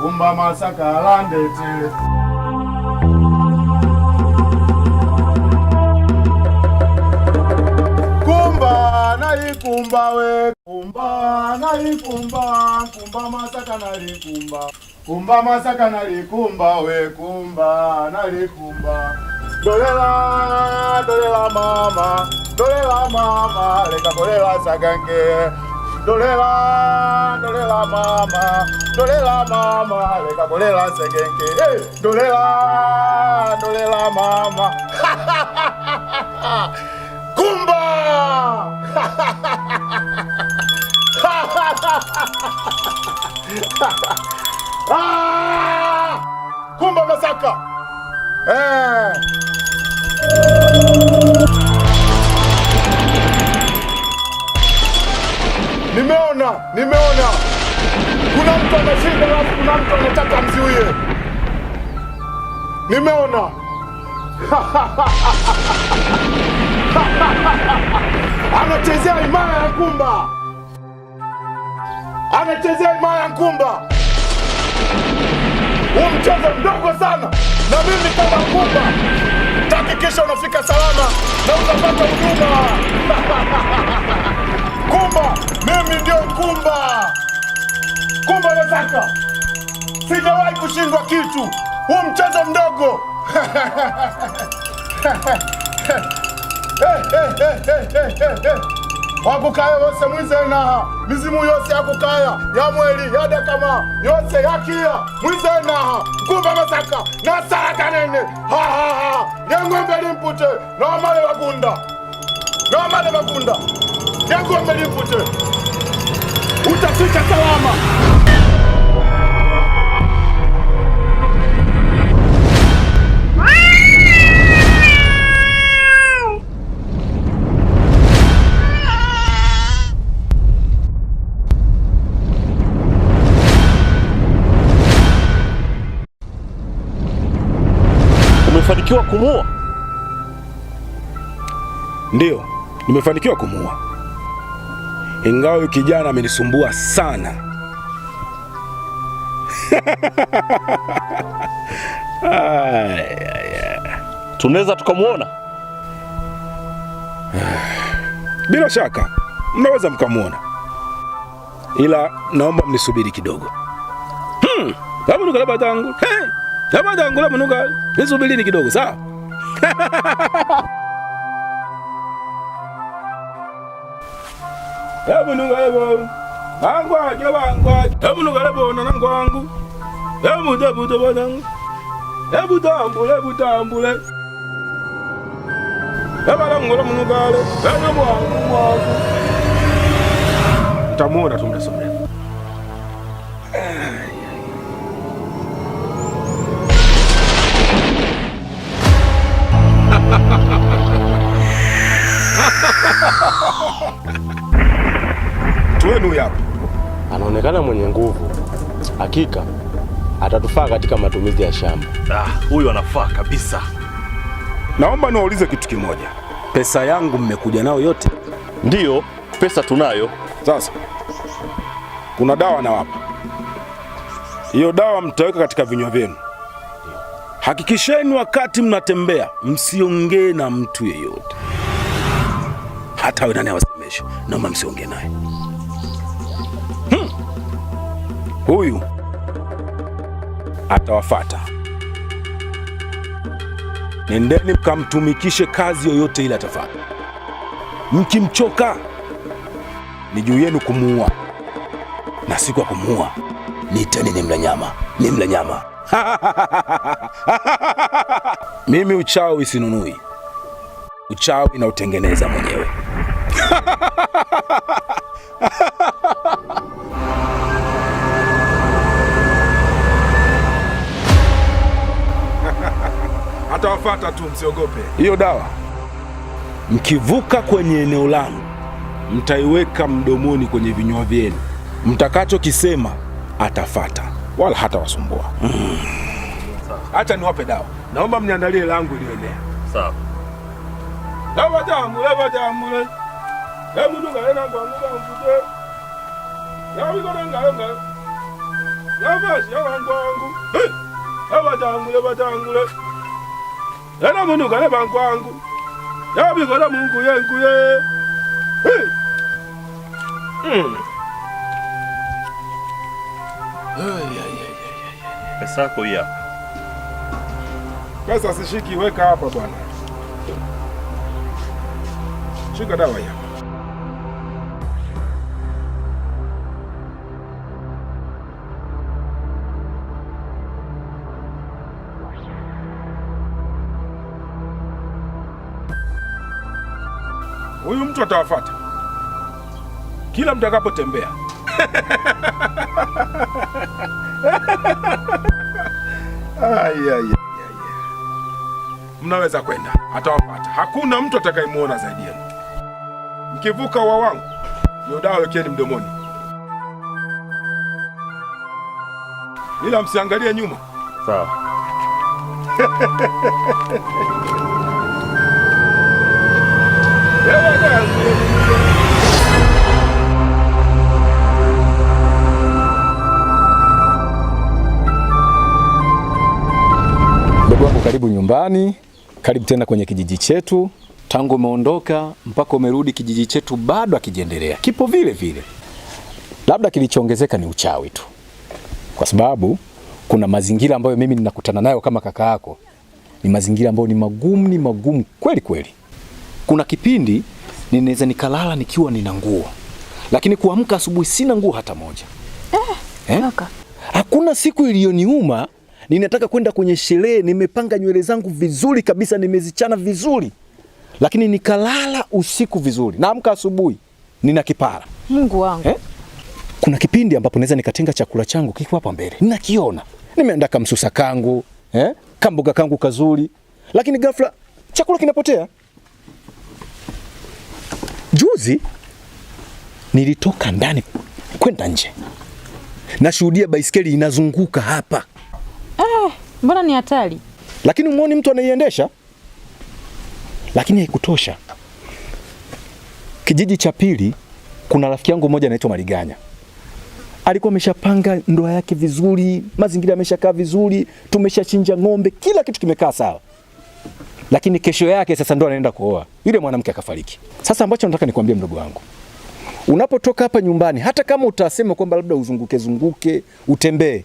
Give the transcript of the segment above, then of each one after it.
kumba masaka landete kumba we kumba naikumba kumba masaka nalikumba kumba masaka nalikumba we kumba nalikumba dolela dolela mama dolela mama leka dolela sagange dolela dolela mama dolela mama leka kolela sekenke dolela dolela mama kumba kumba ¡Ah! masaka eh Nimeona, nimeona kuna mtu anashinda, alafu kuna mtu anataka mziwie. Nimeona anachezea imara ya Nkumba, anachezea imara ya Nkumba. Huu mchezo mdogo sana, na mimi kama Nkumba takikisha unafika salama na utapata huduma Kumba. Kumba, Kumba Masaka, sijawahi kushindwa kitu, huu mchezo mdogo wakukaya wose mwizenaha mizimu yose yakukaya ya mweli ya dakama yose mwize mwizenaha kumba masaka nasala kanene hahaha lyeng'ombe limpute nomale bagunda nomale bagunda lyeng'ombe limpute utafika salama. Umefanikiwa kumuua? Ndiyo, nimefanikiwa kumuua ingawa huyu kijana amenisumbua sana tunaweza tukamwona? Bila shaka mnaweza mkamwona, ila naomba mnisubiri kidogo. hmm. amunuka labatangu labatangu lamunuka, nisubirini kidogo sawa? hebu nungalebo angwajo bangwajo hebu nungalebona nangwangu hebu ndebutobonangu hebu tambule hebu tambule ebalangolo munugale bene bwangu mwangu mtamuona tu mtasomea mtu wenu huyu hapa. Anaonekana mwenye nguvu, hakika atatufaa katika matumizi ya shamba. Ah, huyu anafaa kabisa. Naomba niwaulize kitu kimoja, pesa yangu mmekuja nayo yote? Ndiyo, pesa tunayo. Sasa kuna dawa nawapa, hiyo dawa mtaweka katika vinywa vyenu. Hakikisheni wakati mnatembea msiongee na mtu yeyote, hata awe nani awasemeshe, naomba msiongee naye. huyu atawafata. Nendeni mkamtumikishe kazi yoyote ile atafanya. Mkimchoka ni juu yenu kumuua, na siku ya kumuua niteni ni mla nyama, ni mla nyama. Mimi uchawi sinunui, uchawi na utengeneza mwenyewe. tutawafuata tu, msiogope. Hiyo dawa mkivuka kwenye eneo langu mtaiweka mdomoni kwenye vinywa vyenu, mtakachokisema atafata, wala hata Mm. Acha niwape dawa, naomba mniandalie langu iliyoenea. Sawa. Dawa damu, dawa damu. Hebu nunga ena kwa nunga mfute. Ya wiko nunga nunga. Ya Hey! ya wangu wangu. Dawa Yena munuka ne bangu wangu. Yabikola Mungu yengu ye. Hey. Mm. Pesa Pesa sishiki, weka hapa bwana. Shika dawa huyu mtu atawafata kila mtakapotembea. Mnaweza kwenda, atawapata. Hakuna mtu atakayemuona zaidi yenu. Mkivuka wa wangu, hiyo wekeni mdomoni, ila msiangalie nyuma, sawa? Ndugu wangu, karibu nyumbani, karibu tena kwenye kijiji chetu. Tangu umeondoka mpaka umerudi, kijiji chetu bado akijiendelea kipo vile vile. Labda kilichoongezeka ni uchawi tu, kwa sababu kuna mazingira ambayo mimi ninakutana nayo kama kaka yako, ni mazingira ambayo ni magumu, ni magumu kweli kweli. Kuna kipindi ninaweza nikalala nikiwa nina nguo, lakini kuamka asubuhi sina nguo hata moja eh, eh? Hakuna siku iliyoniuma. Ninataka kwenda kwenye sherehe, nimepanga nywele zangu vizuri kabisa, nimezichana vizuri, lakini nikalala usiku vizuri, naamka asubuhi nina kipara. Mungu wangu eh? Kuna kipindi ambapo naweza nikatenga chakula changu kiko hapa mbele, ninakiona, nimeandaa kamsusa kangu eh? kamboga kangu kazuri, lakini ghafla chakula kinapotea. Juzi nilitoka ndani kwenda nje, nashuhudia baisikeli inazunguka hapa. Eh, mbona ni hatari! Lakini umwoni mtu anaiendesha. Lakini haikutosha, kijiji cha pili kuna rafiki yangu mmoja anaitwa Maliganya alikuwa ameshapanga ndoa yake vizuri, mazingira yameshakaa vizuri, tumeshachinja ng'ombe, kila kitu kimekaa sawa lakini kesho yake sasa ndo anaenda kuoa, yule mwanamke akafariki. Sasa ambacho nataka nikwambie mdogo wangu, unapotoka hapa nyumbani, hata kama utasema kwamba labda uzunguke zunguke utembee,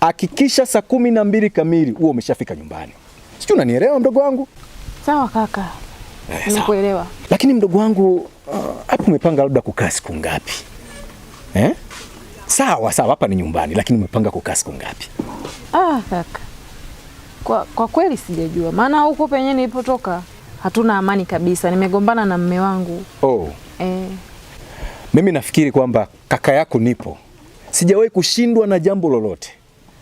hakikisha saa kumi na mbili kamili huo umeshafika nyumbani. Sijui unanielewa mdogo wangu? Sawa kaka, eh, nimekuelewa. Lakini mdogo wangu ah, hapo, uh, umepanga labda kukaa siku ngapi eh? Sawa sawa, hapa ni nyumbani, lakini umepanga kukaa siku ngapi? Ah, kaka kwa, kwa kweli sijajua, maana huko penye nilipotoka hatuna amani kabisa. Nimegombana na mme wangu. Oh. E. Mimi nafikiri kwamba kaka yako nipo, sijawahi kushindwa na jambo lolote.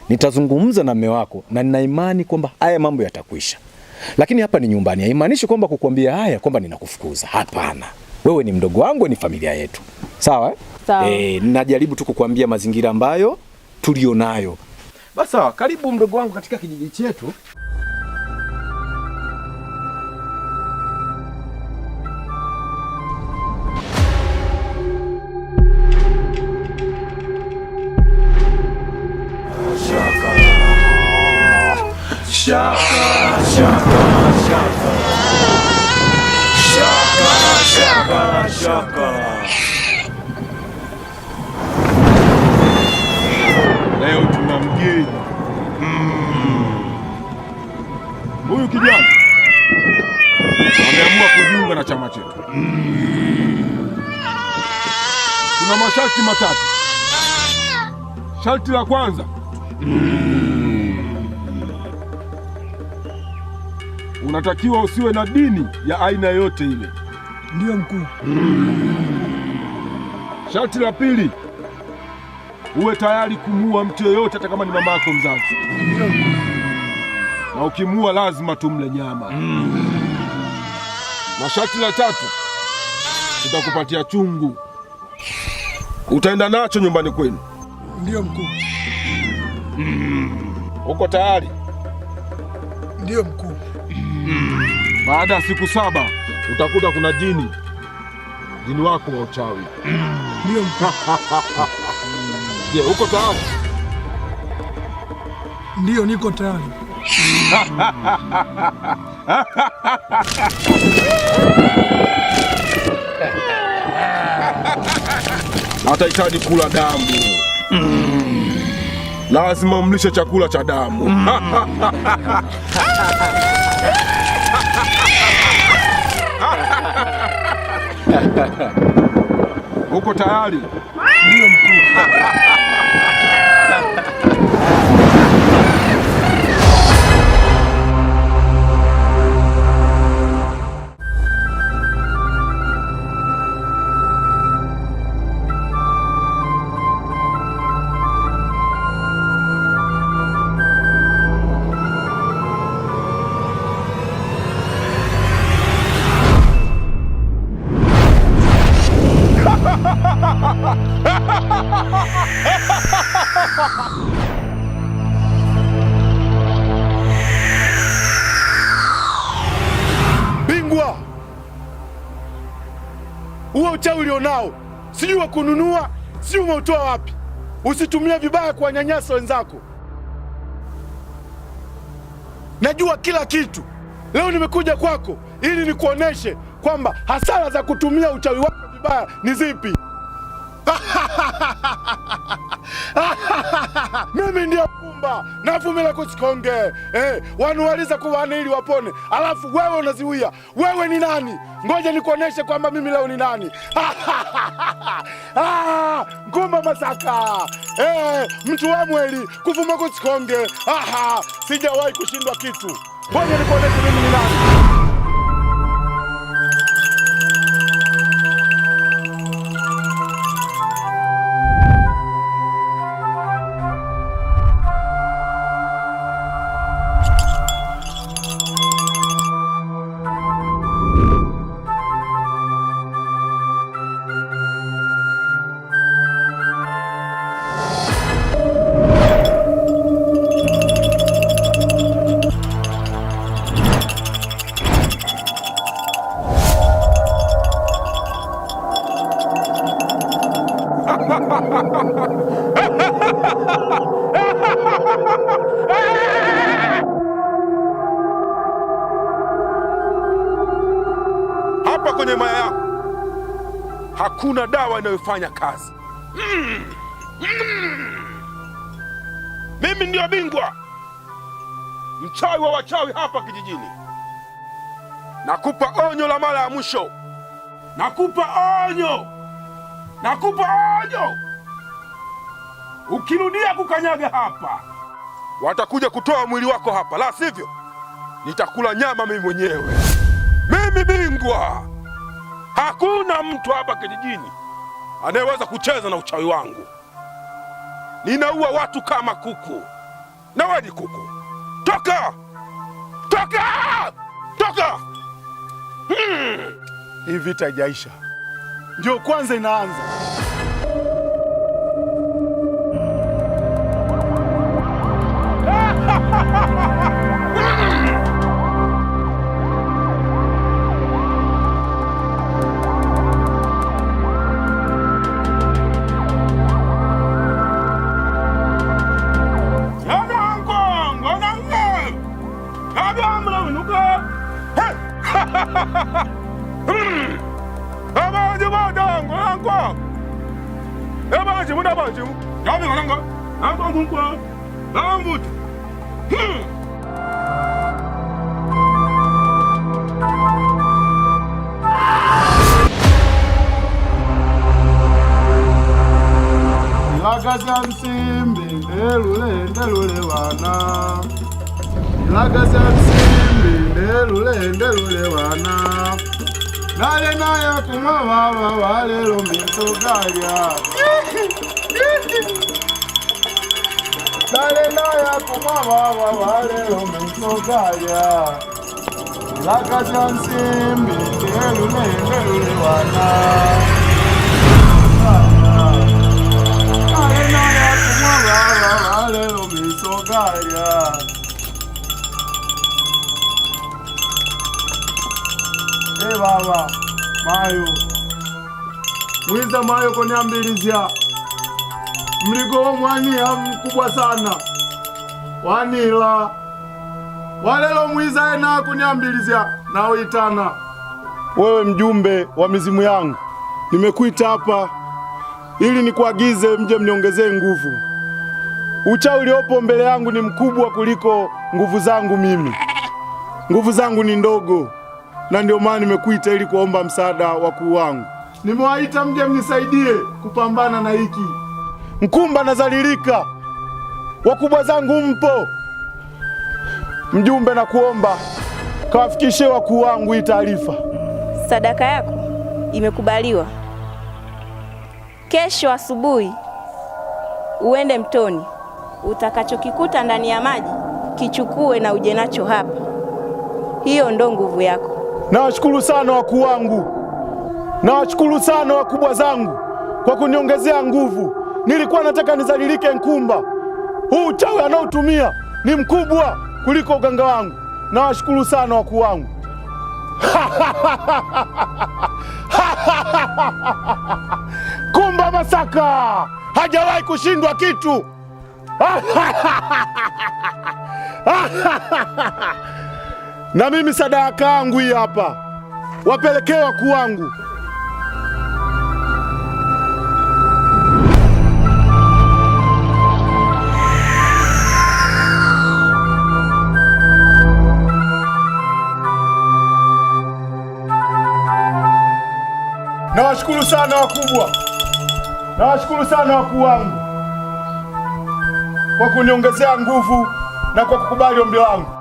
Nitazungumza na mme wako na nina imani kwamba haya mambo yatakuisha, lakini hapa ni nyumbani, haimaanishi kwamba kukuambia haya kwamba ninakufukuza. Hapana, wewe ni mdogo wangu, ni familia yetu, sawa? Eh? Sawa. E, najaribu tu kukuambia mazingira ambayo tulionayo basi sawa, karibu mdogo wangu katika kijiji chetu. kijana wameamua kujiunga na chama chetu. Tuna masharti matatu. Sharti la kwanza, unatakiwa usiwe na dini ya aina yoyote ile. Ndiyo mkuu. Sharti la pili, uwe tayari kumuua mtu yoyote hata kama ni mama yako mzazi. Ndiyo mkuu na ukimua lazima tumle nyama mm. Na la tatu, tutakupatia chungu, utaenda nacho nyumbani kwenu. ndio mkuu. Mm. Uko tayari? ndio mkuu. Mm. Baada ya siku saba utakuta kuna jini jini wako wa uchawi. Ndiyo mkuu. Je, uko tayari? ndio niko tayari. atahitaji kula damu mm. Lazima mlishe chakula cha damu mm. Uko tayari? Ndio mkuu. kununua si umeutoa wapi? Usitumie vibaya kuwanyanyasa wenzako. Najua kila kitu. Leo nimekuja kwako ili nikuoneshe kwamba hasara za kutumia uchawi wako vibaya ni zipi. mimi ndio kumba navumila kusikonge eh, wanuwaliza kuwane ili wapone, alafu wewe unaziwia. Wewe ni nani? Ngoja nikuoneshe kwamba mimi leo ni nani. Ah, ngumba masaka eh, mtu wa mweli kuvuma kusikonge. Aha, sijawahi kushindwa kitu. Ngoja nikuoneshe mimi ni nani. hakuna dawa inayofanya kazi. Mm. Mm. Mimi ndiyo bingwa mchawi wa wachawi hapa kijijini. Nakupa onyo la mara ya mwisho, nakupa onyo, nakupa onyo. Ukirudia kukanyaga hapa, watakuja kutoa mwili wako hapa, la sivyo nitakula nyama mimi mwenyewe, mimi bingwa. Hakuna mtu hapa kijijini anayeweza kucheza na uchawi wangu. Ninaua watu kama kuku. Na wewe ni kuku. Toka! Toka! Toka! Hmm. Hii vita haijaisha, ndio kwanza inaanza. 야비 가란가? 나도 볼 za msimbi ndelule ndelule wana Ilaka msimbi ndelule ndelule wana Nale nayo kumwa wawa wale lumiso galya Dalena yako mababa wale umechokaya laka cha nsimbi lelulelelule wana baba, mayo mwiza mayo koniambilizya mligomwania mkubwa sana wanila walelo mwizaye nakunyambilizya nawitana wewe mjumbe wa mizimu yangu, nimekuita hapa ili nikuagize mje mniongezee nguvu. Uchawi uliopo mbele yangu ni mkubwa kuliko nguvu zangu mimi. Nguvu zangu ni ndogo, na ndio maana nimekuita ili kuomba msaada wakuu wangu. Nimewaita mje mnisaidie kupambana na hiki Mkumba nazalilika, wakubwa zangu mpo. Mjumbe, nakuomba kawafikishe wakuu wangu hii taarifa. Sadaka yako imekubaliwa. Kesho asubuhi uende mtoni, utakachokikuta ndani ya maji kichukue na uje nacho hapa. Hiyo ndo nguvu yako. Nawashukuru sana wakuu wangu, nawashukuru sana wakubwa zangu kwa kuniongezea nguvu. Nilikuwa nataka nizalilike Nkumba. Huu uchawi anaotumia ni mkubwa kuliko uganga wangu. Nawashukuru sana wakuu wangu. Kumba Masaka hajawahi kushindwa kitu. Na mimi sadaka yangu hii hapa, wapelekee wakuu wangu. Nawashukuru sana wakubwa, nawashukuru sana wakuu wangu kwa kuniongezea nguvu na kwa kukubali ombi langu.